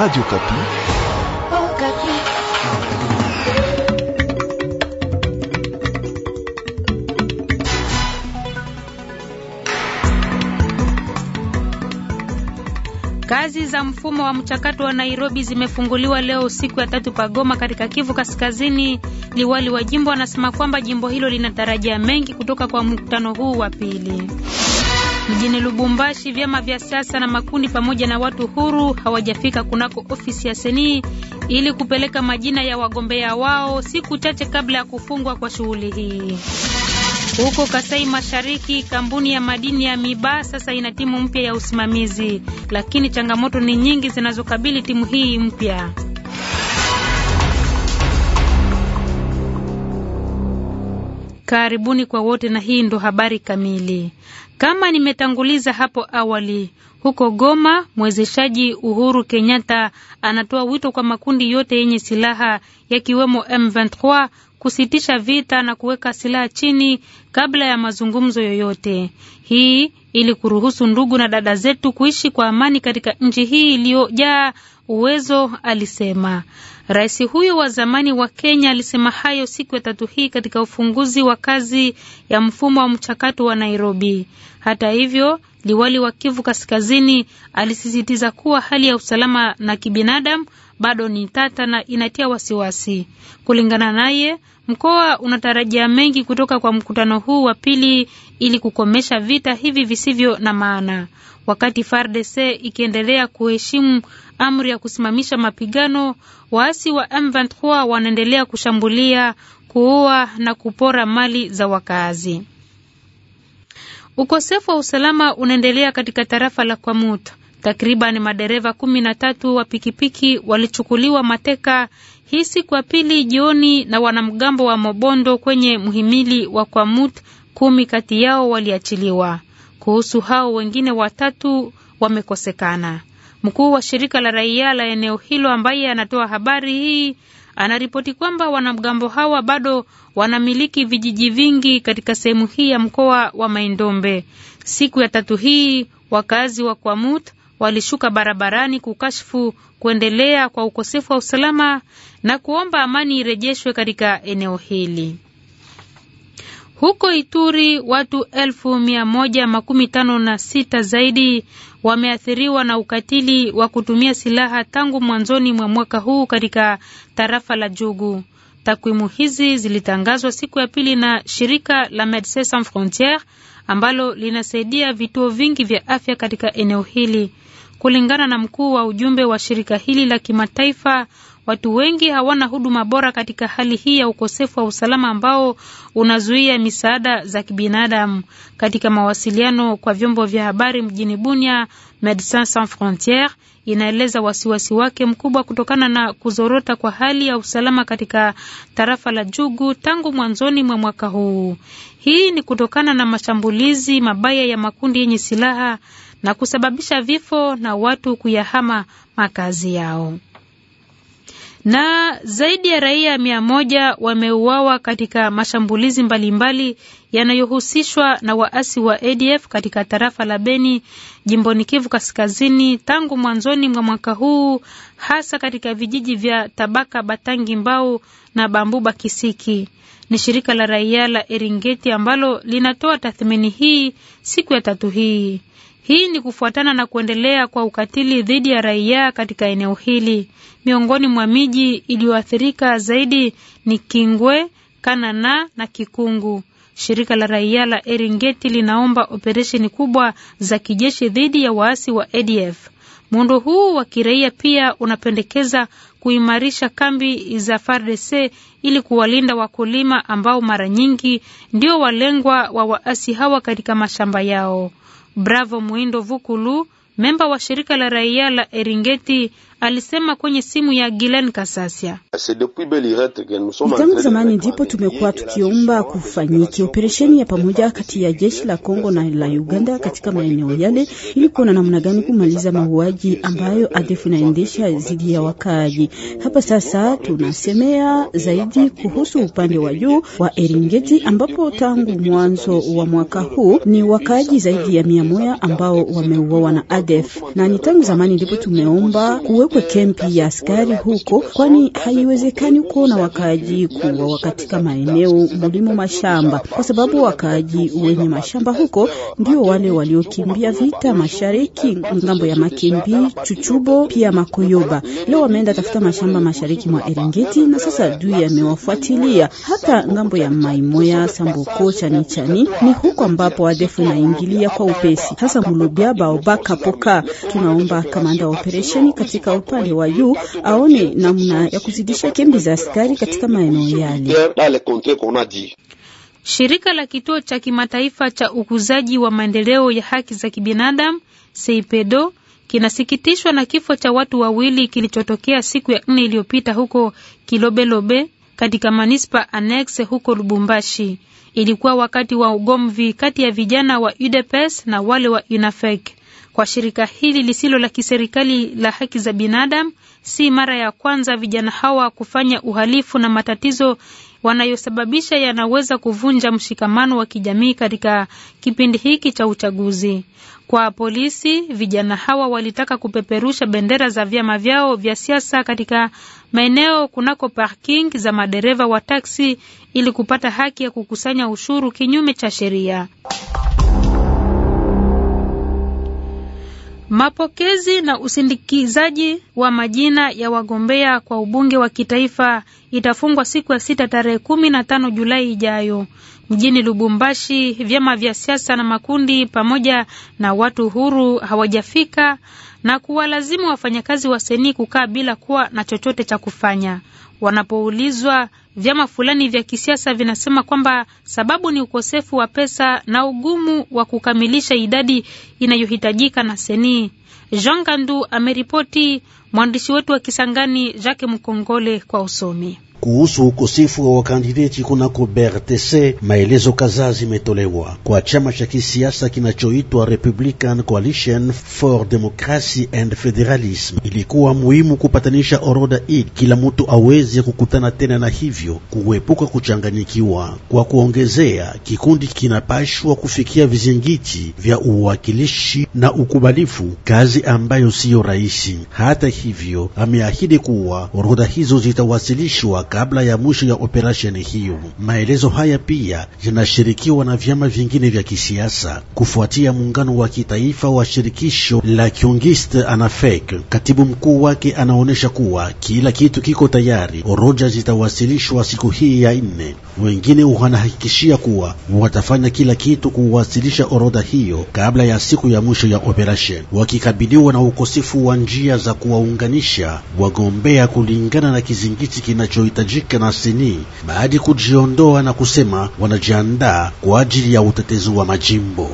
Radio Okapi. Oh, Kazi za mfumo wa mchakato wa Nairobi zimefunguliwa leo siku ya tatu pagoma katika Kivu Kaskazini. Liwali wa jimbo anasema kwamba jimbo hilo linatarajia mengi kutoka kwa mkutano huu wa pili. Mjini Lubumbashi, vyama vya siasa na makundi pamoja na watu huru hawajafika kunako ofisi ya seni ili kupeleka majina ya wagombea wao siku chache kabla ya kufungwa kwa shughuli hii. Huko Kasai Mashariki, kampuni ya madini ya Miba sasa ina timu mpya ya usimamizi, lakini changamoto ni nyingi zinazokabili timu hii mpya. Karibuni kwa wote, na hii ndo habari kamili. Kama nimetanguliza hapo awali, huko Goma, mwezeshaji Uhuru Kenyatta anatoa wito kwa makundi yote yenye silaha yakiwemo M23 kusitisha vita na kuweka silaha chini kabla ya mazungumzo yoyote. Hii ili kuruhusu ndugu na dada zetu kuishi kwa amani katika nchi hii iliyojaa Uwezo alisema. Rais huyo wa zamani wa Kenya alisema hayo siku ya tatu hii katika ufunguzi wa kazi ya mfumo wa mchakato wa Nairobi. Hata hivyo, liwali wa Kivu Kaskazini alisisitiza kuwa hali ya usalama na kibinadamu bado ni tata na inatia wasiwasi. Kulingana naye, mkoa unatarajia mengi kutoka kwa mkutano huu wa pili ili kukomesha vita hivi visivyo na maana, wakati FARDC ikiendelea kuheshimu amri ya kusimamisha mapigano, waasi wa M23 wanaendelea kushambulia, kuua na kupora mali za wakaazi. Ukosefu wa usalama unaendelea katika tarafa la Kwamut. Takriban madereva kumi na tatu wa pikipiki walichukuliwa mateka hii siku ya pili jioni na wanamgambo wa Mobondo kwenye mhimili wa Kwamut. Kumi kati yao waliachiliwa. Kuhusu hao wengine watatu wamekosekana. Mkuu wa shirika la raia la eneo hilo ambaye anatoa habari hii anaripoti kwamba wanamgambo hawa bado wanamiliki vijiji vingi katika sehemu hii ya mkoa wa Maindombe. Siku ya tatu hii wakazi wa Kwamut walishuka barabarani kukashfu kuendelea kwa ukosefu wa usalama na kuomba amani irejeshwe katika eneo hili. Huko Ituri watu elfu mia moja makumi tano na sita zaidi wameathiriwa na ukatili wa kutumia silaha tangu mwanzoni mwa mwaka huu katika tarafa la Jugu. Takwimu hizi zilitangazwa siku ya pili na shirika la Medecins Sans Frontieres ambalo linasaidia vituo vingi vya afya katika eneo hili. Kulingana na mkuu wa ujumbe wa shirika hili la kimataifa Watu wengi hawana huduma bora katika hali hii ya ukosefu wa usalama ambao unazuia misaada za kibinadamu. Katika mawasiliano kwa vyombo vya habari mjini Bunia, Medecins Sans Frontieres inaeleza wasiwasi wake mkubwa kutokana na kuzorota kwa hali ya usalama katika tarafa la Jugu tangu mwanzoni mwa mwaka huu. Hii ni kutokana na mashambulizi mabaya ya makundi yenye silaha na kusababisha vifo na watu kuyahama makazi yao na zaidi ya raia mia moja wameuawa katika mashambulizi mbalimbali yanayohusishwa na waasi wa ADF katika tarafa la Beni jimboni Kivu Kaskazini tangu mwanzoni mwa mwaka huu, hasa katika vijiji vya Tabaka, Batangi, Mbau na Bambuba Kisiki. Ni shirika la raia la Eringeti ambalo linatoa tathmini hii siku ya tatu hii. Hii ni kufuatana na kuendelea kwa ukatili dhidi ya raia katika eneo hili. Miongoni mwa miji iliyoathirika zaidi ni Kingwe, Kanana na Kikungu. Shirika la raia la Eringeti linaomba operesheni kubwa za kijeshi dhidi ya waasi wa ADF. Muundo huu wa kiraia pia unapendekeza kuimarisha kambi za FARDC ili kuwalinda wakulima ambao mara nyingi ndio walengwa wa waasi hawa katika mashamba yao. Bravo muindo Vukulu, memba wa shirika la raia la Eringeti alisema kwenye simu ya Gilen Kasasia. Tangu zamani ndipo tumekuwa tukiomba kufanyiki operesheni ya pamoja kati ya jeshi la Kongo na la Uganda katika maeneo yale, ili kuona namna gani kumaliza mauaji ambayo ADF inaendesha dhidi ya wakaaji hapa. Sasa tunasemea zaidi kuhusu upande wa juu wa Eringeti, ambapo tangu mwanzo wa mwaka huu ni wakaaji zaidi ya mia moja ambao wameuawa na ADF, na ni tangu zamani ndipo tumeomba kuwe tuwekwe kempi ya askari huko, kwani haiwezekani kuona wakaaji kuwa katika maeneo mulimo mashamba, kwa sababu wakaaji wenye mashamba huko ndio wale waliokimbia vita mashariki ngambo ya Makimbi, Chuchubo pia Makoyoba. Leo wameenda tafuta mashamba mashariki mwa Eringeti, na sasa adui amewafuatilia hata ngambo ya Maimoya, Samboko, Chani Chani. Ni huko ambapo adefu inaingilia kwa upesi, hasa Mulubya, Baoba, Kapoka. Tunaomba kamanda wa operesheni katika upande wa juu aone namna ya kuzidisha kembi za askari katika maeneo yale. Shirika la kituo cha kimataifa cha ukuzaji wa maendeleo ya haki za kibinadamu Seipedo kinasikitishwa na kifo cha watu wawili kilichotokea siku ya nne iliyopita huko Kilobelobe katika manispa Annexe huko Lubumbashi. Ilikuwa wakati wa ugomvi kati ya vijana wa UDPS na wale wa UNAFEC. Kwa shirika hili lisilo la kiserikali la haki za binadamu, si mara ya kwanza vijana hawa kufanya uhalifu na matatizo wanayosababisha yanaweza kuvunja mshikamano wa kijamii katika kipindi hiki cha uchaguzi. Kwa polisi, vijana hawa walitaka kupeperusha bendera za vyama vyao vya siasa katika maeneo kunako parking za madereva wa taksi ili kupata haki ya kukusanya ushuru kinyume cha sheria. Mapokezi na usindikizaji wa majina ya wagombea kwa ubunge wa kitaifa itafungwa siku ya sita tarehe kumi na tano Julai ijayo mjini Lubumbashi. Vyama vya siasa na makundi pamoja na watu huru hawajafika na kuwalazimu wafanyakazi wa seni kukaa bila kuwa na chochote cha kufanya. Wanapoulizwa, vyama fulani vya kisiasa vinasema kwamba sababu ni ukosefu wa pesa na ugumu wa kukamilisha idadi inayohitajika na seni. Jean Gandu ameripoti, mwandishi wetu wa Kisangani Jacques Mkongole kwa usomi kuhusu ukosefu wa wakandideti kunako BRTC, maelezo kadhaa zimetolewa kwa chama cha kisiasa kinachoitwa Republican Coalition for Democracy and Federalism. Ilikuwa muhimu kupatanisha orodha hii, kila mtu aweze kukutana tena na hivyo kuepuka kuchanganyikiwa. Kwa kuongezea, kikundi kinapashwa kufikia vizingiti vya uwakilishi na ukubalifu, kazi ambayo siyo rahisi. Hata hivyo, ameahidi kuwa orodha hizo zitawasilishwa kabla ya mwisho ya operasheni hiyo. Maelezo haya pia yanashirikiwa na vyama vingine vya kisiasa kufuatia muungano wa kitaifa wa shirikisho la Kiongiste Anafek. Katibu mkuu wake anaonyesha kuwa kila kitu kiko tayari, oroja zitawasilishwa siku hii ya nne. Wengine wanahakikishia kuwa watafanya kila kitu kuwasilisha orodha hiyo kabla ya siku ya mwisho ya operasheni, wakikabiliwa na ukosefu wa njia za kuwaunganisha wagombea kulingana na kizingiti kinachoita Tajik na Seni baadi kujiondoa na kusema wanajiandaa kwa ajili ya utetezi wa majimbo.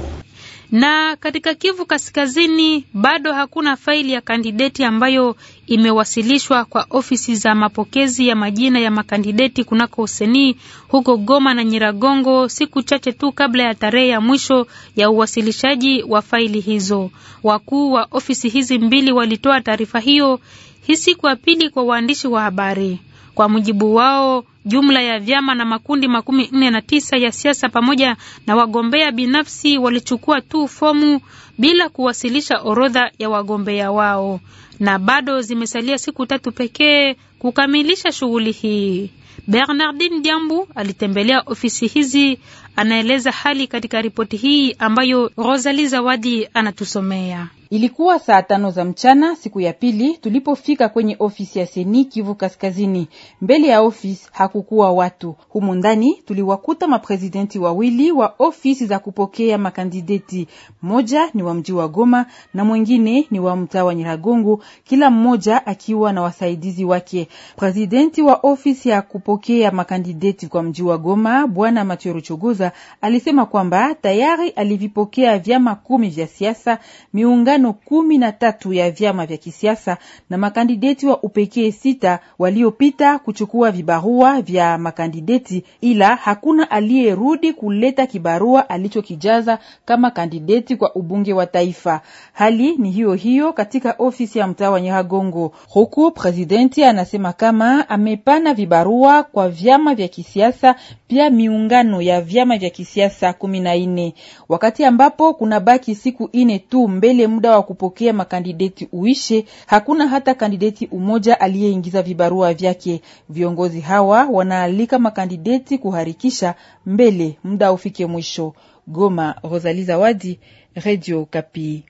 Na katika Kivu Kaskazini bado hakuna faili ya kandideti ambayo imewasilishwa kwa ofisi za mapokezi ya majina ya makandideti kunako Seni huko Goma na Nyiragongo, siku chache tu kabla ya tarehe ya mwisho ya uwasilishaji wa faili hizo. Wakuu wa ofisi hizi mbili walitoa taarifa hiyo hii siku ya pili kwa waandishi wa habari. Kwa mujibu wao, jumla ya vyama na makundi makumi nne na tisa ya siasa pamoja na wagombea binafsi walichukua tu fomu bila kuwasilisha orodha ya wagombea wao, na bado zimesalia siku tatu pekee kukamilisha shughuli hii. Bernardin jambu alitembelea ofisi hizi, anaeleza hali katika ripoti hii ambayo rosali Zawadi anatusomea. Ilikuwa saa tano za mchana siku ya pili tulipofika kwenye ofisi ya Seni Kivu Kaskazini. Mbele ya ofisi hakukuwa watu. humu ndani tuliwakuta maprezidenti wawili wa ofisi za kupokea makandideti. Mmoja ni wa mji wa Goma na mwingine ni wa mtaa wa Nyiragongo, kila mmoja akiwa na wasaidizi wake. Prezidenti wa ofisi ya kupokea makandideti kwa mji wa Goma, Bwana Mathieu ruchuguza alisema kwamba tayari alivipokea vyama kumi vya siasa miungano mapatano kumi na tatu ya vyama vya kisiasa na makandideti wa upekee sita waliopita kuchukua vibarua vya makandideti, ila hakuna aliyerudi kuleta kibarua alichokijaza kama kandideti kwa ubunge wa taifa. Hali ni hiyo hiyo katika ofisi ya mtaa wa Nyiragongo, huku presidenti anasema kama amepana vibarua kwa vyama vya kisiasa pia miungano ya vyama vya kisiasa kumi na nne wakati ambapo kuna baki siku ine tu mbele muda muda wa kupokea makandideti uishe, hakuna hata kandideti umoja aliyeingiza vibarua vyake. Viongozi hawa wanaalika makandideti kuharikisha mbele muda ufike mwisho. Goma, Rosali Zawadi, Radio Kapi.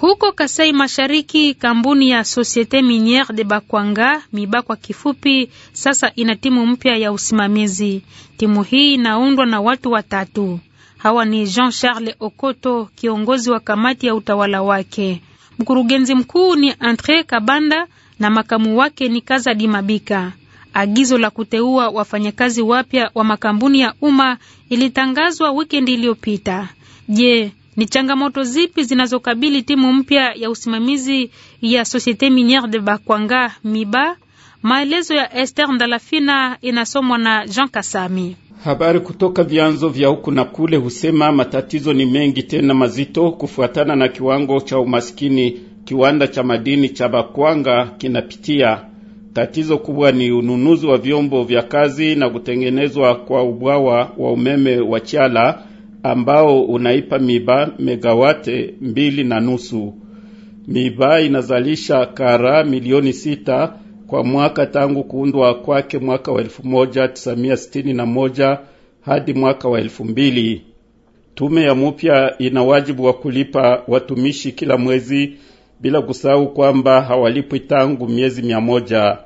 Huko Kasai Mashariki, kampuni ya Societe Miniere de Bakwanga Miba kwa kifupi, sasa ina timu mpya ya usimamizi. Timu hii inaundwa na watu watatu. Hawa ni Jean Charles Okoto, kiongozi wa kamati ya utawala wake. Mkurugenzi mkuu ni Andre Kabanda na makamu wake ni Kazadi Mabika. Agizo la kuteua wafanyakazi wapya wa makampuni ya umma ilitangazwa wikendi iliyopita. Je, ni changamoto zipi zinazokabili timu mpya ya usimamizi ya Societe Miniere de Bakwanga Miba? Maelezo ya Esther Ndalafina inasomwa na Jean Kasami. Habari kutoka vyanzo vya huku na kule husema matatizo ni mengi tena mazito kufuatana na kiwango cha umaskini kiwanda cha madini cha Bakwanga kinapitia. Tatizo kubwa ni ununuzi wa vyombo vya kazi na kutengenezwa kwa ubwawa wa umeme wa Chala ambao unaipa miba megawate mbili na nusu. Miba inazalisha kara milioni sita kwa mwaka tangu kuundwa kwake mwaka wa 1961 hadi mwaka wa 2000. Tume ya mupya ina wajibu wa kulipa watumishi kila mwezi bila kusahau kwamba hawalipwi tangu miezi mia moja.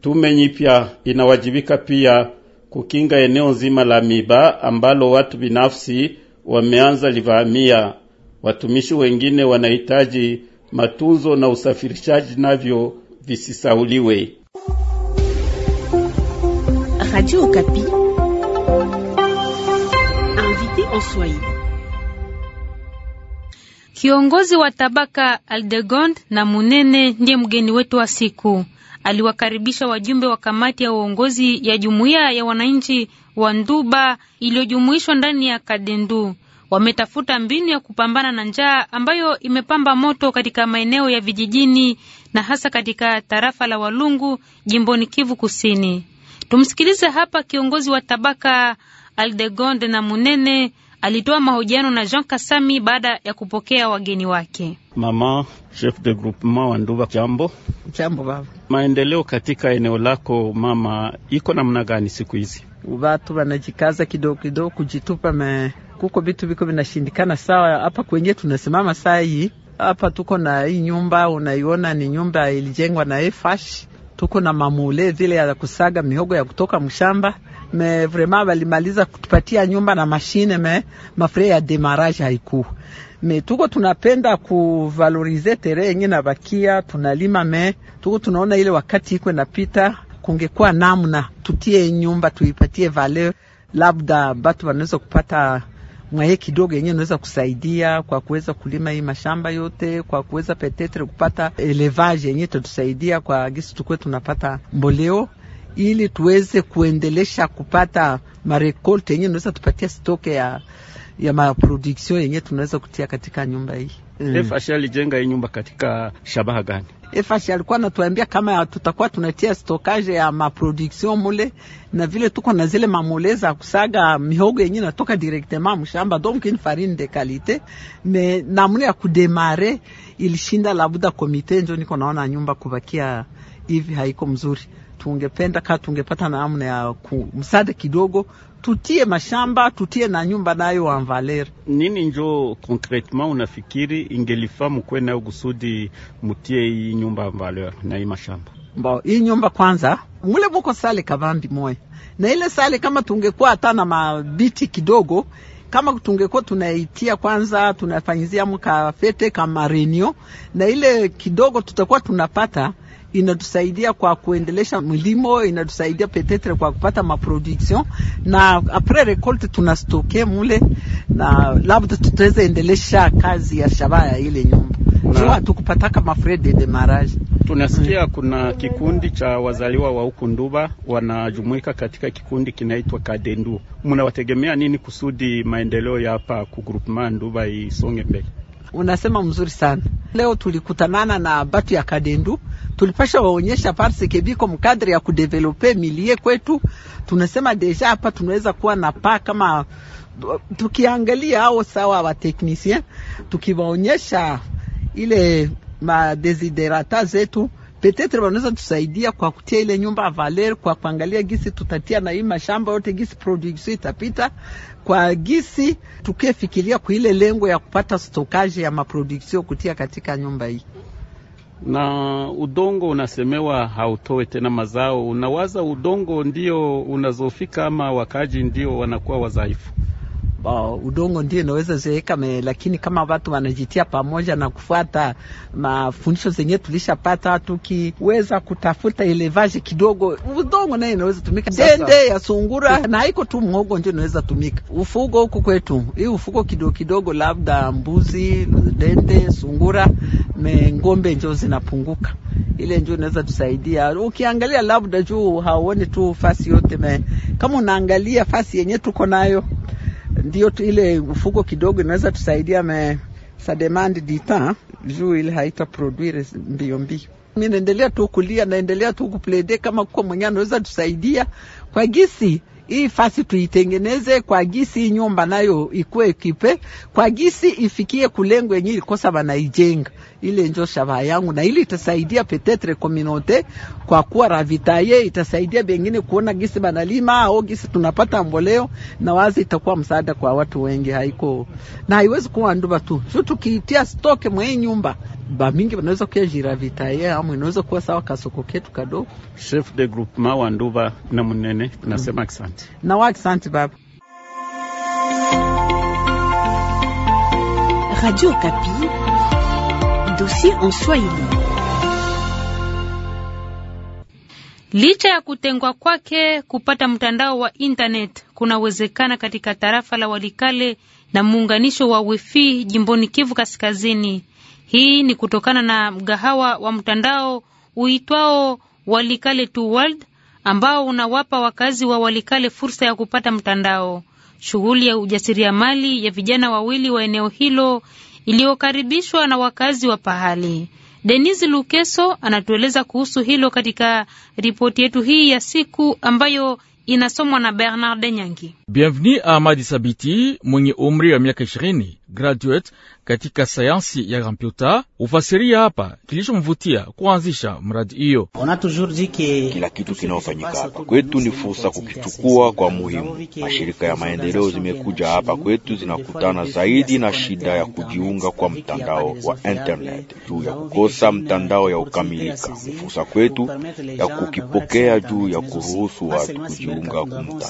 Tume nyipya inawajibika pia kukinga eneo zima la miba ambalo watu binafsi wameanza livahamia. Watumishi wengine wanahitaji matunzo na usafirishaji navyo visisauliwe. Radio Okapi. Kiongozi wa tabaka Aldegond na Munene ndiye mgeni wetu wa siku. Aliwakaribisha wajumbe wa kamati ya uongozi ya jumuiya ya wananchi wa Nduba iliyojumuishwa ndani ya Kadendu. Wametafuta mbinu ya kupambana na njaa ambayo imepamba moto katika maeneo ya vijijini na hasa katika tarafa la Walungu jimboni Kivu Kusini. Tumsikilize hapa kiongozi wa tabaka Aldegonde na Munene alitoa mahojiano na Jean Kasami baada ya kupokea wageni wake. Mama chef de groupement wa Nduba, jambo. Jambo baba. Maendeleo katika eneo lako mama iko namna gani siku hizi? Watu wanajikaza kidogo kidogo kujitupa, me kuko vitu viko vinashindikana. Sawa, hapa kwenye tunasimama saa hii hapa tuko na hii nyumba unaiona, ni nyumba ilijengwa na efash. Tuko na mamule zile ya kusaga mihogo ya kutoka mshamba me vrema walimaliza kutupatia nyumba na mashine me mafre ya demarage haiku me tuko tunapenda kuvalorize tere yenye na bakia tunalima me tuko tunaona ile wakati iko inapita, kungekuwa namna tutie nyumba tuipatie valeur, labda batu wanaweza kupata mwaye kidogo yenye naweza kusaidia kwa kuweza kulima hii mashamba yote, kwa kuweza petetre kupata elevage yenye tatusaidia kwa gisi tukuwe tunapata mboleo ili tuweze kuendelesha kupata marekolte yenye naweza tupatia stoke ya, ya maproduction yenye tunaweza kutia katika nyumba hii. Def ashalijenga hii nyumba katika shabaha gani? Efashi alikuwa anatuambia kama tutakuwa tunatia stokaje ya maproduction mule, na vile tuko na zile mamole za kusaga mihogo yenyewe natoka directement mshamba, donc une farine de qualité me namna ya kudemare ilishinda, labuda komite njo niko naona nyumba kubakia hivi haiko mzuri tungependa kaa tungepata namna ya kumsaada kidogo, tutie mashamba tutie na nyumba nayo wa valer Nini njo concretement unafikiri ingelifaa mkwe nayo kusudi mutie hii nyumba ya Valeri na hii mashamba mbao? Hii nyumba kwanza mule muko sale kavambi moya na ile sale, kama tungekuwa hata na mabiti kidogo kama tungekuwa tunaitia kwanza, tunafanyizia mkafete kama renio na ile kidogo tutakuwa tunapata inatusaidia kwa kuendelesha milimo, inatusaidia petetre kwa kupata maproduction na apres recolte tunastoke mule, na labda tutaweza endelesha kazi ya shabaa ya ile nyumba jua tukupataka mafre de demarage. Tunasikia hmm, kuna kikundi cha wazaliwa wa huku Nduba wanajumuika katika kikundi kinaitwa Kadendu. Mnawategemea nini kusudi maendeleo ya hapa ku Nduba isonge mbele? Unasema mzuri sana. Leo tulikutanana na batu ya Kadendu, tulipasha waonyesha parse kebiko mkadri ya kudevelope milie kwetu. Tunasema deja hapa tunaweza kuwa na paa kama tukiangalia ao sawa wa tukiwaonyesha ile madesiderata zetu petetre wanaweza tusaidia kwa kutia ile nyumba Valer, kwa kuangalia gisi tutatia na hii mashamba yote gisi production itapita kwa gisi, tukefikiria kwa ile lengo ya kupata stokage ya maproduction kutia katika nyumba hii. Na udongo unasemewa hautoe tena mazao, unawaza udongo ndio unazofika ama wakaji ndio wanakuwa wadhaifu uh, udongo ndio inaweza zeeka me, lakini kama watu wanajitia pamoja na kufuata mafundisho zenye tulishapata, tukiweza kutafuta elevaji kidogo, udongo naye inaweza tumika dende ya sungura na haiko tu mhogo ndio inaweza tumika ufugo huku kwetu, hii ufugo kidogo kidogo, labda mbuzi, dende, sungura me ngombe njo zinapunguka ile ndio inaweza tusaidia. Ukiangalia labda juu hauoni tu fasi yote me, kama unaangalia fasi yenye tuko nayo ndio ile ufugo kidogo inaweza tusaidia me sa demand du temps juu ile haita produire mbio mbio. Mi naendelea tu kulia, naendelea tu kuplede kama kuko mwenye anaweza tusaidia kwa gisi hii fasi tuitengeneze kwa gisi nyumba nayo ikuwe kipe kwa gisi ifikie kulengo yenye ilikosa banaijenga ile njo shabaha yangu, na ili itasaidia petetre kominote kwa kuwa ravitaye, itasaidia bengine kuona gisi banalima au gisi tunapata mboleo, na wazi itakuwa msaada kwa watu wengi. Haiko na haiwezi kuwa nduba tu shu, tukiitia stoke mwenye nyumba ba mingi banaweza kuya jiravitaye, amu inaweza kuwa sawa kasoko ketu kadogo. Chef de groupement wa nduba na munene nasema asante mm. na wa asante baba. Radio Kapi dossier en Swahili. Licha ya kutengwa kwake, kupata mtandao wa internet kunawezekana katika tarafa la Walikale na muunganisho wa wifi jimboni Kivu Kaskazini. Hii ni kutokana na mgahawa wa mtandao uitwao Walikale to World ambao unawapa wakazi wa Walikale fursa ya kupata mtandao. Shughuli ya ujasiriamali ya vijana wawili wa eneo hilo iliyokaribishwa na wakazi wa pahali. Denis Lukeso anatueleza kuhusu hilo katika ripoti yetu hii ya siku ambayo inasomwa na Bernard Nyangi. Bienvenue Ahmadi Sabiti mwenye umri wa miaka 20 graduate katika sayansi ya kompyuta ufasiria hapa kilichomvutia kuanzisha mradi hiyo. Kila kitu kinayofanyika hapa kwetu ni fursa kukichukua kwa muhimu. Mashirika ya maendeleo zimekuja hapa kwetu, zinakutana zaidi na shida ya kujiunga kwa mtandao wa internet juu ya kukosa mtandao ya ukamilika. Ni fursa kwetu ya kukipokea juu ya kuruhusu watu kujiunga kwa mtandao,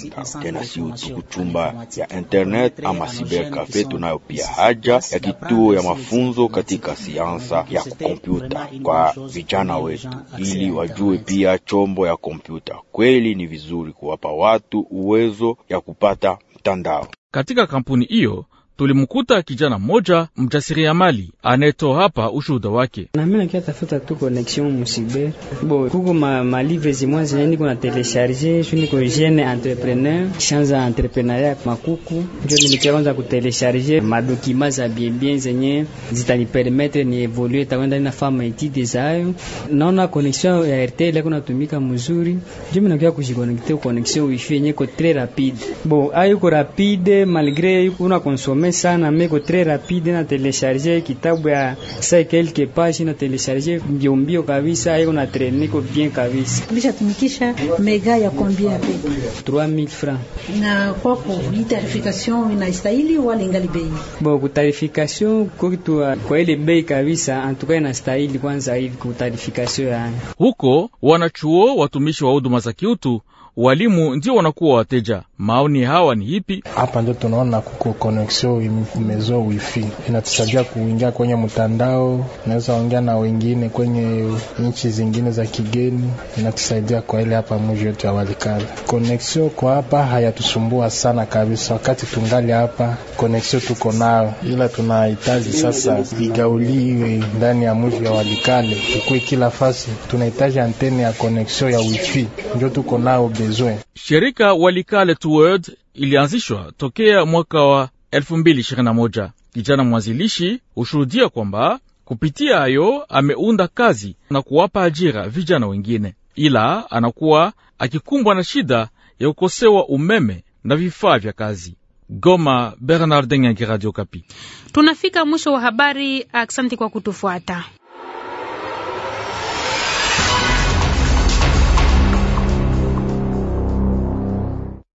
tena si kuchumba ya internet ama cyber cafe. Tunayo pia haja ya kituo ya mafunzo katika siansa ya kompyuta kwa vijana wetu, ili wajue pia chombo ya kompyuta. Kweli ni vizuri kuwapa watu uwezo ya kupata mtandao katika kampuni hiyo tulimkuta kijana mmoja mjasiriamali aneto hapa ushuhuda wake. nami nakia tafuta tu connexion musibe bo kuko ma, ma zimwa zenye niko na telecharge shu niko jeune entrepreneur shanza entrepreneuria makuku njo nilikia kwanza kutelecharge madokima za bienbien zenye zitanipermetre ni evolue takwenda ninafaa maetide zayo. Naona connexion ya RTL yako natumika mzuri, njo minakia kujikonekte connexion wifi yenye ko tres rapide bo ayuko rapide malgre una konsome besoin sana meko très rapide na telesharge kitabu ya sa quelque page na telesharge mbio mbio kabisa, iko na traine iko bien kabisa. Kisha tumikisha mega ya combien pe 3000 francs. Na kwa kwa tarification ina stahili wala ingali bei. Bo kutarification kwa kitu kwa ile bei kabisa, antuka ina stahili kwanza hivi kutarification yani. Huko wanachuo watumishi wa huduma za kiutu walimu ndio wanakuwa wateja. Maoni hawa ni ipi? Hapa ndio tunaona kuko koneksio imezoa wifi, inatusaidia kuingia kwenye mtandao, unaweza ongea na wengine kwenye nchi zingine za kigeni, inatusaidia kwa ile hapa mji wetu ya Walikale. Koneksio kwa hapa hayatusumbua sana kabisa, wakati tungali hapa koneksio tuko nayo, ila tunahitaji sasa igauliwe ndani ya mji wa Walikale, ikuwe kila fasi, tunahitaji antene ya koneksio ya wifi, ndio tuko nao besoin. Shirika Walikale Toward ilianzishwa tokea mwaka wa 2021. Kijana mwanzilishi hushuhudia kwamba kupitia hayo ameunda kazi na kuwapa ajira vijana wengine, ila anakuwa akikumbwa na shida ya kukosewa umeme na vifaa vya kazi. Goma, Bernardin Yangi, Radio Kapi. Tunafika mwisho wa habari. Asante kwa kutufuata.